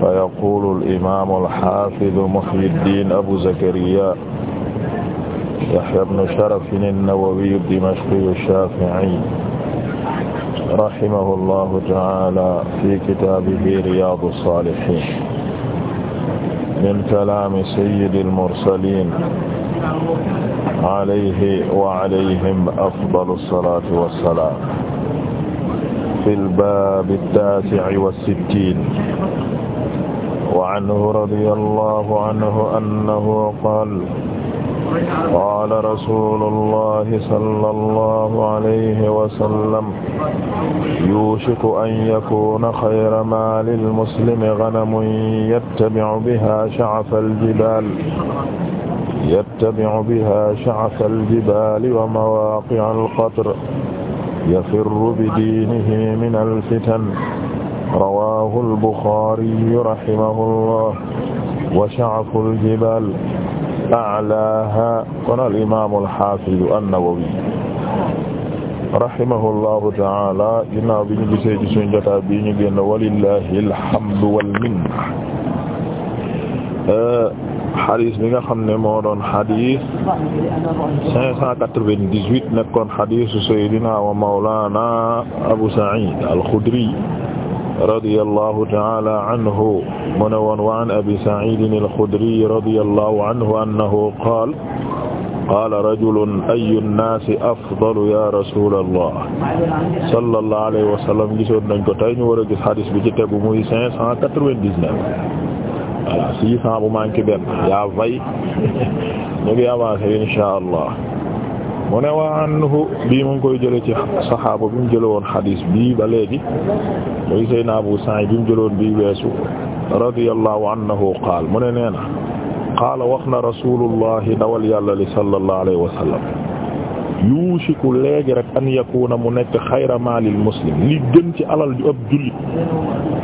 fa yaqulu al-imaamu al-haafidu Muhyiddin Abu Zakariya Yahya ibnu Sharafin an-Nawawi ad-Dimashqi ash-Shaafi'i rahimahullahu ta'aala fi kitaabihi Riyaadu as-Saalihiin min kalaami sayyidi al-mursaliin alayhi wa alayhim afdalu as-salaatu was-salaam fi lbab altaasici walsittin wa anhu radiya allahu anhu annahu qaala qaala rasulu allahi salla allahu alayhi wasallam yuushiku an yakuuna xayra maali lmuslimi ganamun yattabicu biha shacafa aljibaal yattabicu biha shacafa aljibaali wa mawaaqica alqatr yafirru bidiinihi minal fitan rawaahul buxaari rahimahullah wa sha'aful jibaal a'laahaa kon al imaamul haafiz an-Nawawi rahimahullahu ta'aala ginnaaw bi ñu gisee ci suñu jotaay bi ñu génn walillaahil hamdu wal minna xadis bi nga xam ne moo doon xadis cinq cent quatre-vingt-dix-huit nekkoon xadisu saydina wa mawlana Abu Sa'id al-Khudri radiyallahu ta'ala anhu mu ne woon wa an Abi Sa'id al-Khudri radiyallahu anhu annahu qaala qaala rajulun ayyu nnaasi afdalu ya rasulallah sallallahu alayhi wa sallam gisoon nañ ko tey ñu war a gis xadis bi ci tegu muy cinq cent quatre-vingt-dix-neuf voilà six cent bu manqué benn yaa vay ñu ngi avancé insha allah mu ne waa anhu bii mu ngi koy jële ci saxaaba bi mu jële woon xadiis bii ba léegi muy Seydina Abu Sa'id bi mu jëloon bii weesu radiyallahu anhu qaal mu ne nee na qaala wax na rasulullahi yàlla li sallallahu alayhi wa sallam yuusiku léegi rek an yakuna mu nekk xayra maalil muslim li gën ci alal ju ab jullit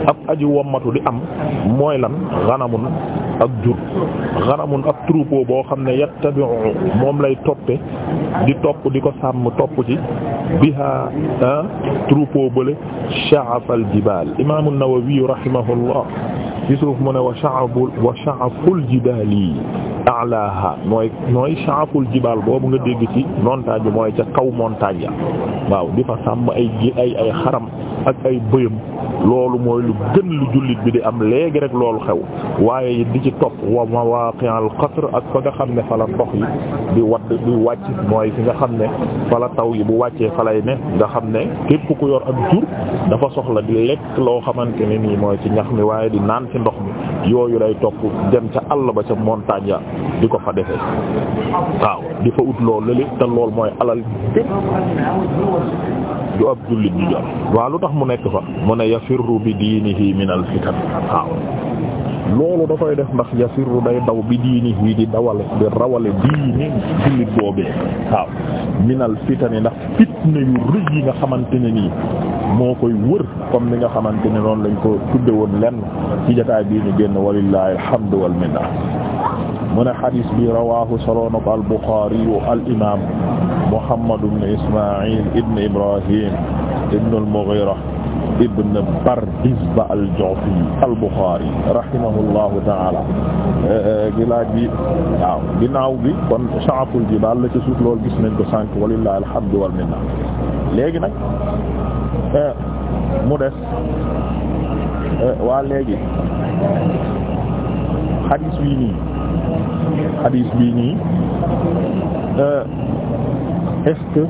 ab aji wommatu di am mooy lan xanamun ak jur xanamun ab troupeau boo xam ne yattabi'u moom lay toppe di topp di ko sàmm topp ci biha troupeau bële sha'afal jibaal imaamu Nawawi rahimahullah ci suuf mu ne wa sha'aful wa sha'aful jibaal yi a'laha mooy mooy sha'ful jibaal boobu nga dégg ci montagne bi mooy ca kaw montagne ya waaw di fa sàmm ay ay ay xaram ak ay bëyam loolu mooy lu gën lu jullit bi di am léegi rek loolu xew waaye di ci topp wa mawaqi'al qatr ak fa nga xam ne fa la ndox yi di wadd di wàcc mooy fi nga xam ne fa la taw yi bu wàccee fa lay ne nga xam ne képp ku yor ak jur dafa soxla di lekk loo xamante ne nii mooy ci ñax mi waaye di naan ci ndox mi yooyu lay topp dem ca àll ba ca montagne di ko fa defee waaw di fa ut loolu lële te lool mooy alal képp ab jullit di jot waaw lu tax mu nekk fa mu ne yafirru bi diinihi min al fitan waaw loolu da koy def ndax yafirru day daw bi diinihi di dawale di rawale diini jullit boobee waaw min fitani ndax fitna yu rëy yi nga xamante ne nii moo koy wër comme ni nga xamante ne noonu lañ ko tudde woon lenn ci jotaay bii ñu génn walillahi alhamdu wal minna mu ne xadis bi rawaahu solo na ko al Buxaari al imaam Muhammad ibn Ismaa'il ibn Ibrahim ibn al Mughira ibn Bardizba al Ju'fi al Buxaari rahimahullahu ta'ala. gilaaj bi waaw ginnaaw bi kon Sha'abul Jibaal la ci suuf loolu gis nañ ko sànq walillahi alhamdu wal minna léegi nag mu des waa léegi xadis wi nii. xadiis bii nii euh, est-ce que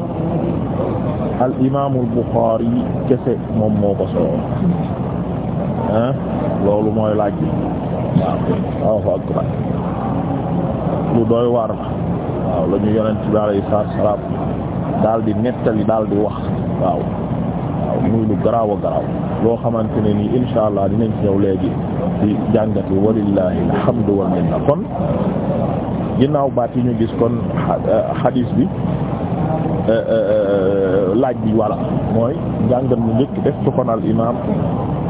al imaamul Buxaari kese moom moo ko solo ah loolu mooy laaj bi lu doy waar la waaw la ñu yonent bi alayhi salaam daal di nettali daal di wax waaw waaw muy lu garaaw a garaaw loo xamante ne nii insha allah dinañ ci ñëw léegi ci jàngati walillahi alhamdu wal minna kon ginnaaw baat yi ñu gis kon xadiis euh, bi euh, euh, laaj bi walla mooy njàngat mu njëkk def ci kon al imaam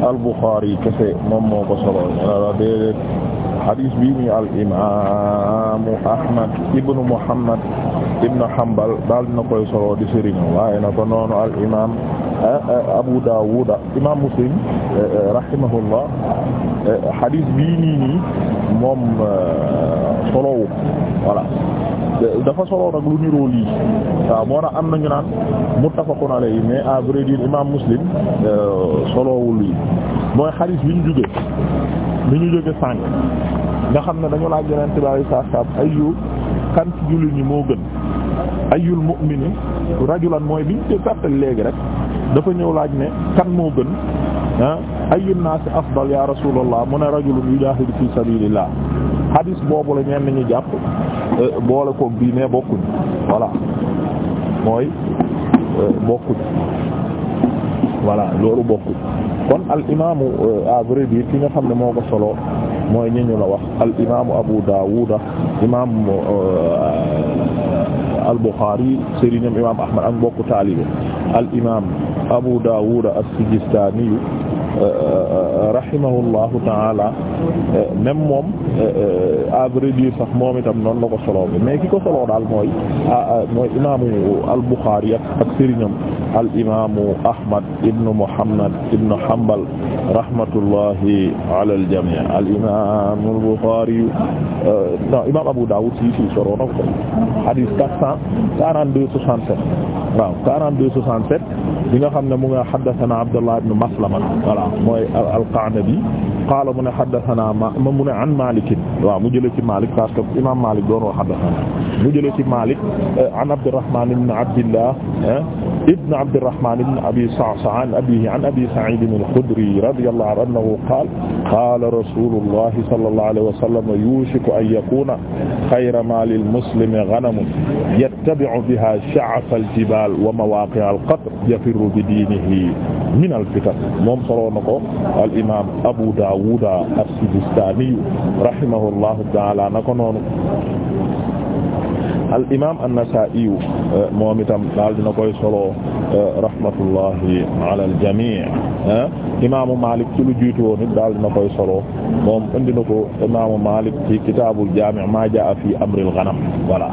al Buxaari kese moom moo ko solo déedéet xadiis bi muy al imaamu Ahmad ibnu Muhammad ibnu Hanbal daal dina koy solo di sëriñ waaye na ko noonu al imaam Abu Dawud imaam Muslim rahimahullah hadis bii nii nii moom euh, solowu voilà dafa solo nag lu niroo lii waaw moo tax am nañu naan muttafaqun yi mais à vrai dire imaam Muslim euh, solowul lii mooy hadis bi ñu jóge bi ñu jóge sànq nga xam ne dañu laa yeneen tubaab yi saa saab ayyu kan ci jullit ñi moo gën ayyul mu'mini rajulan mooy biñ te fàttali léegi rek. dafa ñëw laaj ne kan moo gën ah ayyu naasi afdal ya rasulallah mu ne rajulun yujahidu fi sabilillah hadis boobu la ñenn ñi jàpp eh, boole koog bii ne bokkuñ voilà mooy eh, bokkuñ voilà loolu bokkuñ kon al imaamu eh, à ki nga xam ne moo solo mooy ñi ñu la wax al imaamu Abu Daawuda imaam al Buxaari sëriñam imaam Ahmad ak mbokku taalibe al imaam. Abu Dawud as-Sijistani euh, euh, rahimahullahu taala euh, même moom à vrai dire sax moom itam noonu la ko soloo mooy mooy al-Bukhari ak ak sëriñam al Ahmad ibn Muhammad ibn Hanbal rahmatullahi ala al-jamii al imaam al-Bukhari non imaam Abu Dawud si si soloo na ko hadith 442 67 waaw 42 67 bi nga xam ne mu nga haddathana Abdullah ibn Maslama voilà mooy al-Qa'nabi qaala mu ne haddathana ma mu ne an Malik waaw mu jëlee ci Malik parce que imam Malik doon wax haddathana mu jëlee ci Malik eh, an Abdurrahman ibn Abdillah eh, ibn Abdirrahman ibn Abi Sa'sa'a an abiihi an Abi Sa'id al-Khudri radiyallahu anhu annahu qaala qaala rasuulullah sallallahu alayhi wa sallam yuushiku an yakuuna xayra maalil muslimi ghanamun yattabi'u bihaa sha'af al-jibaal wa mawaaqi'a al-qatr yafirru bi diinihi min al-fitan moom soloo na ko al-imaam Abu Daawuud as-Sijistaani rahimahullahu ta'aala na ko noonu al imaam an-Nasaa'i eh, moom itam daal dina koy solo eh, rahmatullahi ala al jamii eh. imaamu Maalik ci lu jiitu woon it daal dina koy solo moom indi na ko imaamu Maalik ci kitaabul jaami' maa jaa'a fii amril ghanam voilà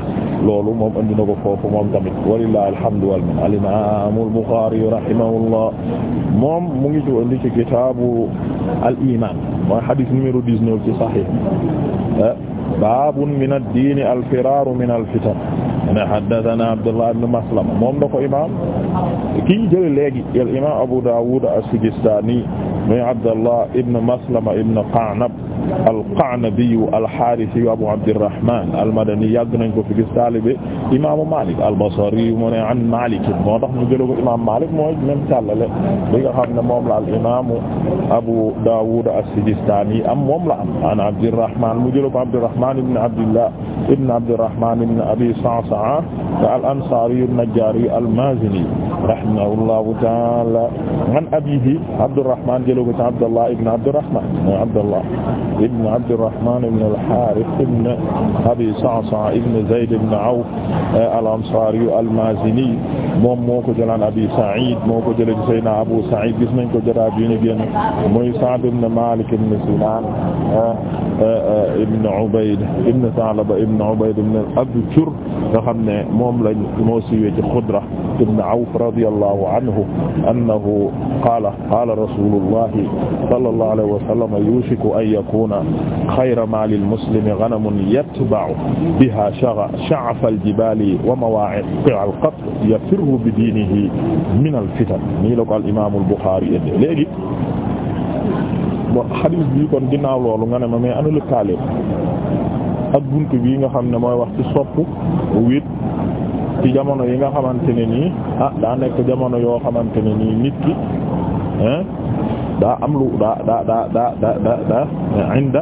loolu moom indi na ko foofu moom tamit walillahi alhamdu wal minna al imaam al Buxaari rahimahullah moom mu ngi ci indi ci kitaabu al iimaan mooy hadith numéro 19 ci Sahih baabun min ad-diini al-firaaru min al-fitan ne haddathana Abdullah ibn Maslama moom la ko imaam kii jëlee léegi al imaam Abu Dawud as-Sijistani muy Abdallah ibn Maslama ibn Qa'nab al-Qa'nabi al-Harisi Abu Abdirrahman al-Madani yàgg nañ ko fi gis taalibe imaamu Malik al-Basri mu ne an Malik moo tax ñu jëlee ko imaam Malik mooy même tallale bi nga xam ne moom la al imaamu Abu Dawud as-Sijistani am moom la am an Abdirrahman mu jëlee ko Abdirrahman ibn Abdillah ibn Abdirahman ibn Abi Sa'sa'a al-Ansari an-Najjari al-Mazini rahimahullahu ta'ala an abiihi Abdirahman jëloon ko ci Abdallah ibn Abdirahman Abdallah ibn Abdirahman ibn al-Harith ibn Abi Sa'sa'a ibn Zayd ibn Awf eh, al-Ansari al-Mazini moom moo ko jëlaan Abi Sa'id moo ko jëlee ci Seydina Abu Sa'id gis nañ ko jëlaat yu ñu génn muy Sa'd ibn Malik ibn Sinan eh, eh, ibn Ubayd ibn Tha'laba ibn Ubayd ibn Abjar nga xam ne moom lañ moo siiwee ci Xudra ibn Awf radiyallahu anhu annahu qaala qaala rasuulullahi sallallahu alayhi wa sallam yuushiku an yakuuna xayra maalil muslimi ganamun yatba'u bihaa sha'afal jibaali wa mawaaqi'al qatri yafirru bi diinihi minal fitan nii la ko al imaamul Buxaari indi léegi bon xadiis bi kon ginnaaw loolu nga ne ma mais ana lëkkaale ak buntu bii nga xam ne mooy wax ci sopp wit ci jamono yi nga xamante ne nii ah daa nekk jamono yoo xamante ne nii nit ki ah daa am lu daa daa da da daa daa inda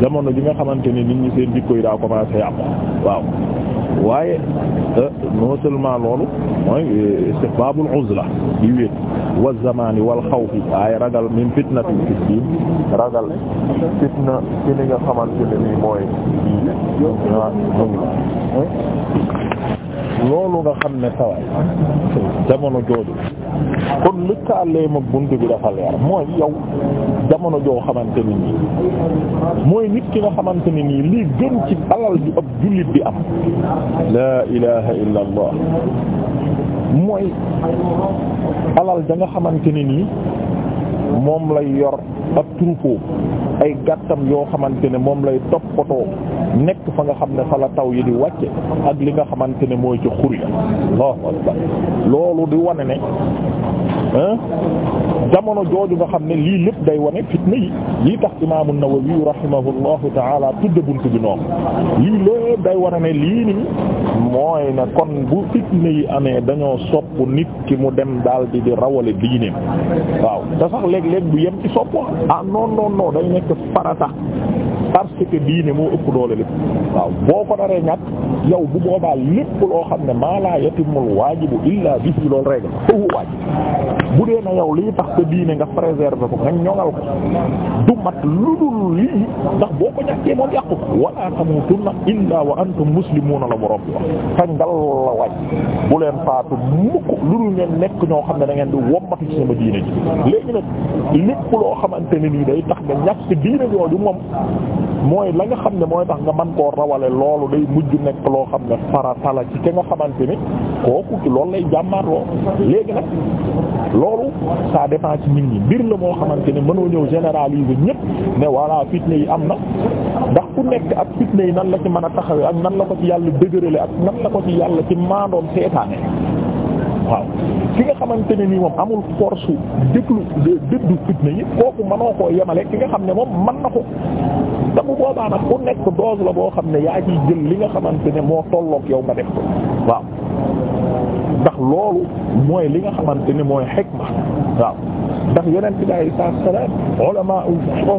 jamono ji nga xamante ne nit ñi seen di koy daa commencé yàqu waaw waaye euh, non seulement loolu mooy euh, istihbabul uzla di wéet wa zamani wal xawfi waaye ragal min fitnatil ragal fitna ci li nga xamante ne nii mooy loolu nga xam ne saway jamono jooju kon lëkkaalee ma bunt bi dafa leer mooy yow jamono joo xamante ni nii mooy nit ki nga xamante ni nii lii gën ci alal ju ab jullit bi am laa ilaha illa allah mooy alal da nga xamante ne nii moom lay yor ak troupeau ay gàttam yoo xamante ne moom lay toppatoo nekk fa nga xam ne fa la taw yi di wàcce ak li nga xamante ne mooy ci xur loolu di wane ne jamono jooju nga xam ne lii lépp day wane fitna yi lii tax imaam an-Nawawi rahimahullahu tudd buntu bi noonu lii lépp day wane ne lii nii mooy ne kon bu fitna yi amee dañoo sopp nit ki mu dem daal di di rawale diineem waaw te sax léeg-léeg bu yem ci sopp ah non non non day nekk farata parce que diine moo ëpp doole lépp waaw boo ko daree ñàkk yow bu boobaa lépp loo xam ne maa laa yatimul waajibu illaa bihi loolu rek foofu waajib bu dee na yow lii tax sa diine nga préserver ko nga ñoŋal ko du mat lu dul lii ndax boo ko ñàkkee moom yàqu ko wala tamutunna illaa wa antum muslimuuna la borom bi wax fa ngal la bu leen faatu mukk lu dul ngeen nekk ñoo xam ne dangeen ngeen di wommatu ci sama diine ji léegi nag lépp loo xamante ne nii day tax nga ñàkk diine moom mooy la nga xam ne mooy tax nga man koo rawale loolu day mujj nekk loo xam ne farata la ci ki nga xamante ni kooku ci lool lay jàmmarloo léegi nag loolu ça dépend ci nit ñi mbir la moo xamante ne mënoo ñëw généraliser ñépp ne voilà fitna yi am na ndax ku nekk ak fitna yi nan la ci mën a taxawee ak nan la ko ci yàlla dëgërale ak nan la ko ci yàlla ci maandoom seetaane waaw ki nga xamante ne nii moom amul force déglu déglu fitna yi kooku mënoo koo yemale ki nga xam ne moo man na ko te bu boobaa nag ku nekk dose la boo xam ne yaa ciy jël li nga xamante ne moo tolloog yow ma def ko waaw ndax loolu mooy li nga xamante ne mooy xikma waaw ndax yonent bi alayhi salaatu wa salaam ulama u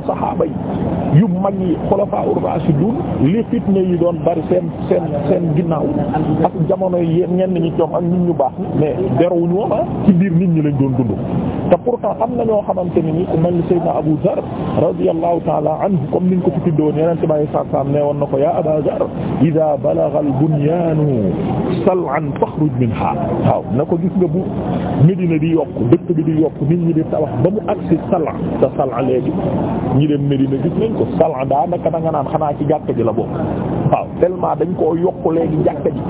saxaaba yi yu mag yi xulafaa ur-raashidun li fitna yi doon bari seen seen seen ginnaaw ak jamono yi ñenn ñi coom ak nit ñu baax mais deruñu woon ah, ci biir nit ñi lañ doon dund te pourtant am na ñoo xamante ne ni ku mel ni Seydina Abu Zar radiyallahu ta'ala anhu comme niñ ko fi tuddoon yonent bi alayhi salaatu wa salaam nee woon na ko yaa Aba Zar idaa balagha al-bunyaanu sal an faxruj minha waaw na ko gis nga bu Medina di yokk dëkk bi di yokk nit ñi di tabax ba mu agsi sala te sala léegi ñi dem Medina gis nañ ko sala daanaka da nga naan xanaa ci jàkka ji la bokk waaw tellement dañ koo yokk léegi jàkka ji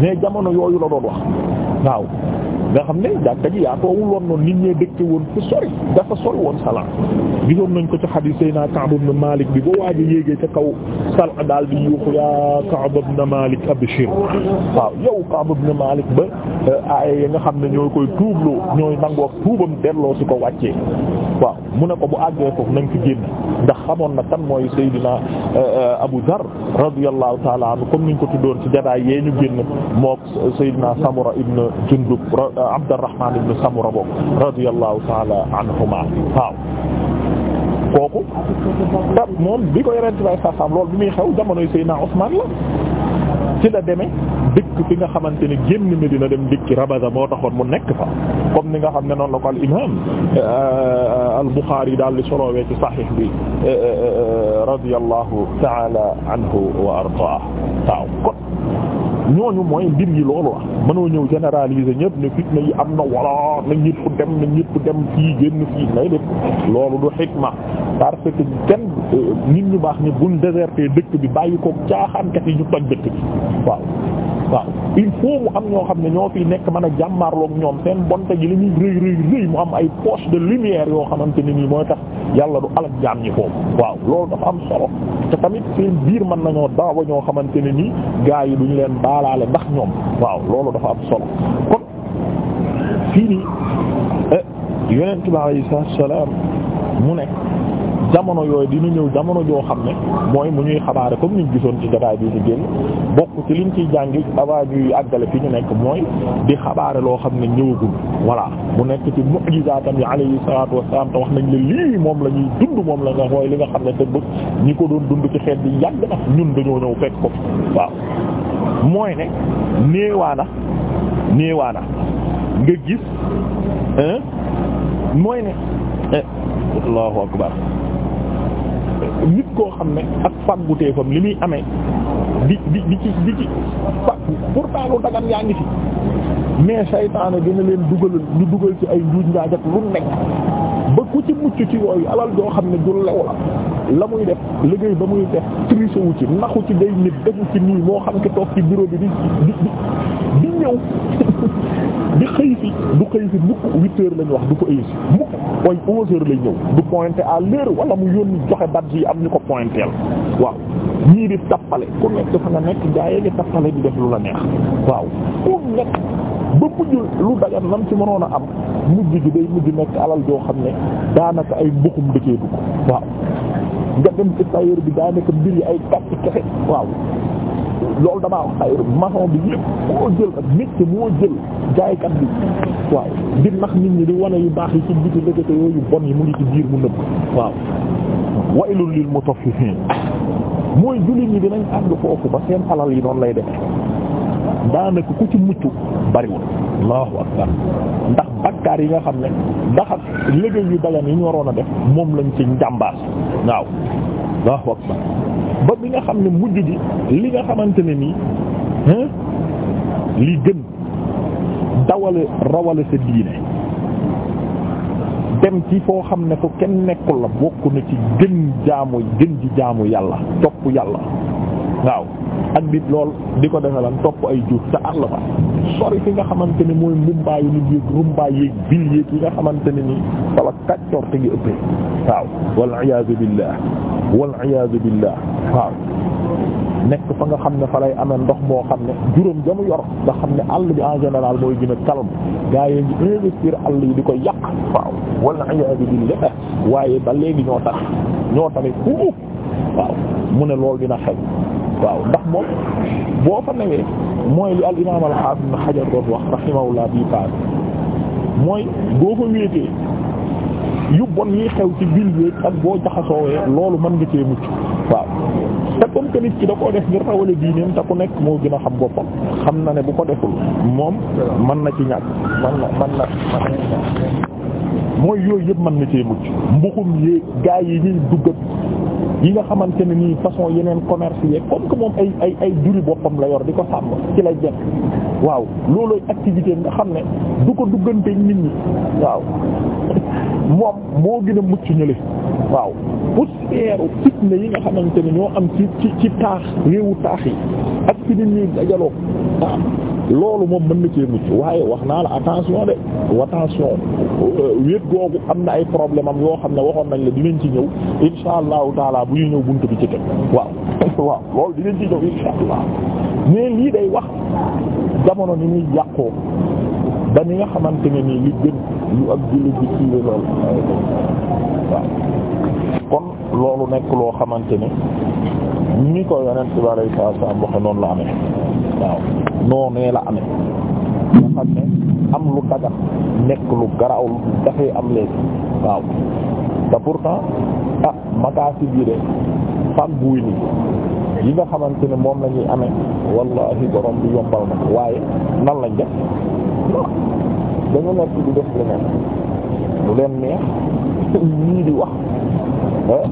mais jamono yooyu la doon wax waaw nga xam ne jàkka ji yaatoowul woon noonu nit ñee dëkke woon fu sori dafa sori woon salaan gisoon nañ ko ci xadiis Seydina Ka'b ibn Malik bi ba waaja yéegee ca kaw sala daal di yuuxu yaa Ka'b ibn Malik abshir waaw yow Ka'b ibn Malik ba aaya eh, ya nga xam ne ñooy koy tuubloo ñooy nangoo ak tuubam delloo si ko wàccee waaw mu ne ko bu àggee ko nañ ko génn ndax xamoon na kan mooy Seydina eh, Abu Dhar radiyallahu ta'ala anhu comme niñ ko tuddoon ci jadaay yee ñu génn Abdurrahman ibn Samura bok radiyallahu ta'ala anhuma waaw kooku te ah, moom bi ko yorente bay sasam loolu bi muy xew jamonoy Seydina Usman la ci la demee dëkk fi nga xamante ne génn Medina dem dëkki Rabaza moo taxoon mu nekk fa comme ni nga xam ne noonu la ko al imam euh, al Bukhari daal di solowee ci sahih bi euh, euh, radiyallahu ta'ala anhu wa ardaah waaw ñooñu mooy mbir yi loolu wax mënoo ñëw généraliser ñëpp ne fitna yi am na wala na ñëpp dem na ñëpp dem fii génn fii ngay def loolu du xikma parce que kenn euh, nit ñu baax ni buñ déserté dëkk bi bàyyi ko caaxaankat yi ñu toj dëkk bi waaw waaw il faut mu am ñoo xam ne ñoo fi nekk mën a jàmmarloog ñoom seen bonte ji li ñuy rëy rëy rëy mu am ay poche de lumière yoo xamante ne nii mooy tax yàlla du alak jaam ñi foofu waaw loolu dafa am solo te tamit seen biir man nañoo daawa ñoo xamante ne nii gaa yi ñu leen baalaale ndax ñoom waaw loolu dafa am solo kon fii nii eh, yonent bi alayhi salaam mu nekk jamono yooyu dina ñëw jamono joo xam ne mooy mu ñuy xabaare comme niñ gisoon ci jotaay bi ñu génn bokk ci liñ ciy jàngi avant ñuy àggale fi ñu nekk mooy di xabaare loo xam ne ñëwagul voilà mu nekk ci mu'jizaatam yi alayhi salaatu wassalaam wax nañ la moom la ñuy dund moom la nga mooy li nga xam ne te bëgg ñi ko doon dund ci xeet bi yàgg na ñun dañoo ñëw fekk ko waaw mooy ne néewaana néewaana nga gis mooy ne eh, allahu akbar nit koo xam ne ak fàgguteefam li muy amee di di di ci di ci fàggu pourtant lu dagan yaa ngi ci mais saytaane dina leen dugalal ñu dugal ci ay njuuj njaaj ak lu nekk ba ku ci mucc ci yooyu alal joo xam ne du lew la la muy def liggéey ba muy def triché wu ci naxu ci day nit defu ci nii moo xam ki toog ci bureau bi di di di ñëw xëy si du xëy si mukk huit heures wax du ko xëy si mukk mooy onze heures lay ñëw du pointé à l'heure wala mu yónni joxe badge yi am ñu ko pointeel waaw ñii di tappale ku nekk dafa nga nekk gaayee ngi tappale di def lu la neex waaw ku nekk ba mujj lu dagat nam ci mënoon a am mujj gi day mujj nekk alal joo xam ne daanaka ay mbuxum dëkkee dugg waaw nga dem ci tailleur bi daanaka mbir yi ay kàtt kexe waaw loolu damaa wax xayru maçon bi yëpp moo jël ak moo jël jaaykat bi waaw di nax nit ñi di wane yu baax yi ci biti ndekete yooyu bon yi mu ngi ci biir mu nëbb waaw waylul lil mutaffifin mooy jullit ñi dinañ àgg foofu ba seen alal yi noonu lay def daanaka ku ci mucc bariwul allahu akbar ndax bakkaar yi nga xam ne ndax ak liggéey yu dagan yi ñu waroon a def moom lañ ci njàmbaas waaw allahu akbar ba bi nga xam ne mujj gi li nga xamante ne nii li gën dawale rawale sa diine dem ci foo xam ne ko kenn nekkul la bokk na ci gën jaamu gën ji jaamu yàlla topp yàlla waaw ak nit lool di ko defe lan topp ay jur ca àll ba sori fi nga xamante ni mooy mbumbaayu nit yéeg rumbaay yéeg bil yéeg yi nga xamante ne nii fala kàccoor te gi ëppee waaw wal iyaazu billah wal iyaazu billah waaw nga xam ne fa lay ndox moo xam ne juróom jamu yor nga xam ne àll bi en général mooy gën a calme gaa yi ngi di ko yàq waaw waaye ba léegi ñoo tax ñoo tamit fuuf waaw mu ne loolu dina xew waaw ndax moom boo fa newee mooy li al imaam al haafid ibn Hajar doon wax rahimahullah bii paase mooy boo fa wéetee yu bon yi xew ci ville bi ak boo jaxasoowee loolu mën nga cee mucc waaw te comme que nit ki da koo def ngir rawale diineem te ku nekk moo gën a xam boppam xam na ne bu ko deful moom mën na ci ñàkk mën na mën na mooy yooyu yëpp mën na cee mucc mbuxum yi gaa yi ñuy dugg yi nga xamante ne nii façon yeneen commerce yi comme que moom ay ay ay juri boppam la yor di ko sàmm ci lay jekk waaw loolooy activité nga xam ne du ko duggante nit ñi waaw moom moo gën a mucc ñële waaw poussière fitna yi nga xamante ne ñoo am ci ci ci taax réewu taax yi ak fi nit ñuy dajaloo loolu moom mën na cee mucc waaye wax naa la attention de attention euh, wéet googu am na ay problème am yoo xam ne waxoon nañ la dinañ ci ñëw insha allahu taala bu ñu ñëw bunt bi ci teg waaw waaw loolu dinañ ci ñëw insha allah mais lii day wax jamono ni muy yàqoo ba ni nga xamante ne nii li gën lu ak jullit bi siiwee loolu kon loolu nekk loo xamante ne ni ko yonent bi sallallahu alayhi waxe noonu la amee waaw noonee la amee nga xam ne am lu dagat nekk lu garaw lu dafay am léegi waaw te pourtant ah makaasi bii de femme buy ni yi nga xamante ne moom lañuy ñuy amee wallahi borom bi yombal na waaye nan lañ def dañu nekk di def leneen lu leen neex ñii di wax eh?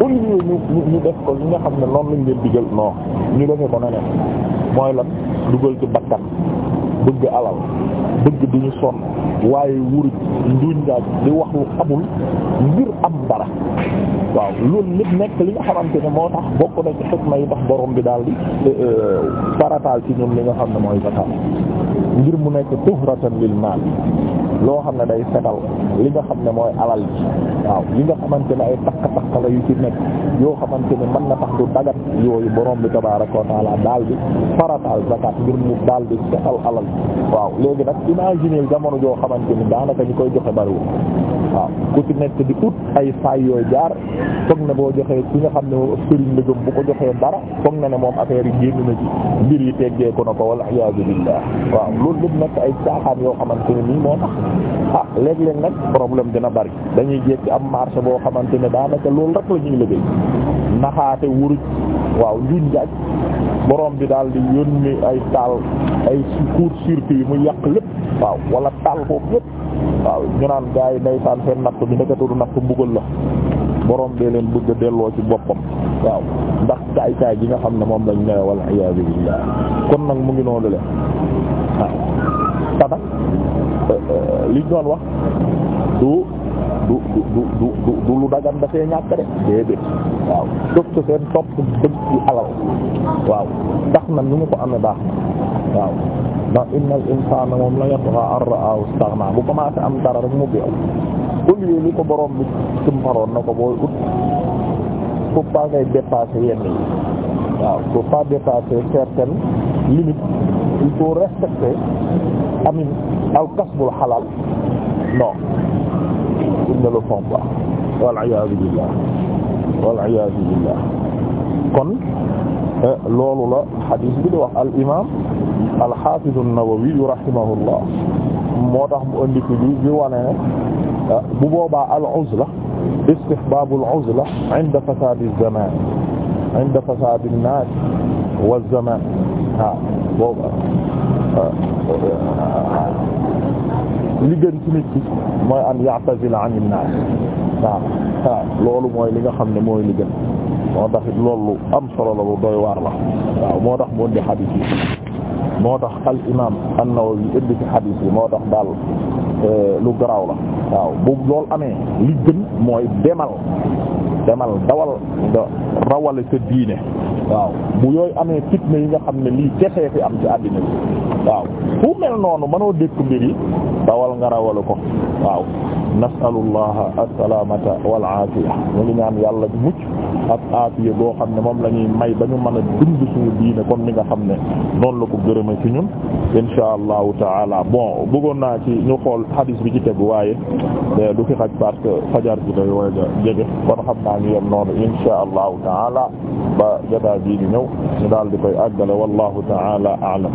au lieu ñu ñu def ko li nga xam ne noonu lañ leen digal non ñu defee ko neneen mooy lan dugal ci bakkan bëgg alal bëgg duñu sonn waaye wuruj njuuñ njaaj di wax lu amul ngir am dara waaw loolu lépp nekk li nga xamante ne moo tax bokk na ci xikma yi tax borom bi daal di euh, farataal ci ñun li nga xam ne mooy zakat ngir mu nekk tuhratan lil maal loo xam ne day setal li nga xam ne mooy alal bi waaw li nga xamante ne ay takk takk la yu ci nekk yoo xamante ne man na tax du dagat yooyu borom bi tabaaraka wa taala daal di farataal zakat ngir mu daal bi setal alal waaw léegi nag imaginer jamono joo xamante ni daanaka ñu koy joxe bariwul waaw ku ci nekk di ut ay faay yooyu jaar foog na boo joxee ki nga xam ne moom sëriñ la gëm bu ko joxee dara foog na ne moom affaire yi génn na ci mbir yi teggee na ko wala iyaazu billah waaw loolu lépp nekk ay yoo xamante ne nii ah léeg-léeg nag problème dina bari dañuy jékki am marché boo xamante ne daanaka loolu rek la ñuy liggéey naxaate wuruj waaw njuñ jaaj borom bi daal di yónni ay taal ay court-circuit mu yàq lépp waaw wala taal foofu lépp waaw ñu naan gars yi ndeysaan seen natt bi ndeketewul natt mbugal la borom bee leen bëgg a delloo ci boppam waaw ndax kaay kaay gi nga xam ne moom lañ newe wal iyaazu billaah kon nag mu ngi noonu leen waaw Euh, liñ doon wax du du du du du du lu dagan dafee ñàkk de déedéet waaw def ko seen topp dëgg alal waaw tax na nu mu ko amee baax waaw ndax innal insaana moom la yatgha an ra'ahu istaghna bu commencé am dara rek mu beew au lieu li ko borom bi tumparoon na ko booy ut faut pas ngay dépasser yenn yi waaw faut pas dépasser certaines limites il faut respecter amin al kasbul halal non ils ne le font pas wal iyaazu billah wal iyaazu billah kon eh, loolu la hadis bi di wax al imaam al haafiz an-Nawawi rahimahullah moo tax mu andi fi bi bi wane ne eh, bu boobaa al uzla istihbaabu al uzla inda fasaadi az-zamaan inda fasaadi an-naas wa az-zamaan waaw boobu ah, li gën mooy an ya'tazila anin naas waaw loolu mooy li nga xam ne mooy li gën moo tax it loolu am solo la bu doy waar la moo tax mu indi xadiis yi moo tax al imaam an-Nawawi indi ci xadiis yi moo tax daal eh, lu garaaw la waaw bu loolu amee li mooy demal demal dawal nga rawale sa waaw bu yooyu amee fitna yi nga xam ne lii kese fi am ci àddina bi waaw fu mel noonu mënoo dékku mbir yi dawal nga rawalu ko waaw nasalullaha assalamata wal aafiya ñu ngi ñaan yàlla mucc ak aafiya boo xam ne moom la ñuy may ba ñu mën a dund suñu diine comme ni nga xam ne noonu la ko gërëma ci ñun insha allahu taala bon bëggoon naa ci ñu xool hadis bi ci tegu waaye du fi xaj parce que fajar ji day wooy da jege kon xam naa ñu yem noonu insha allahu taala ba jotaay bii ñëw ñu daal di koy àggale wallahu taala aalam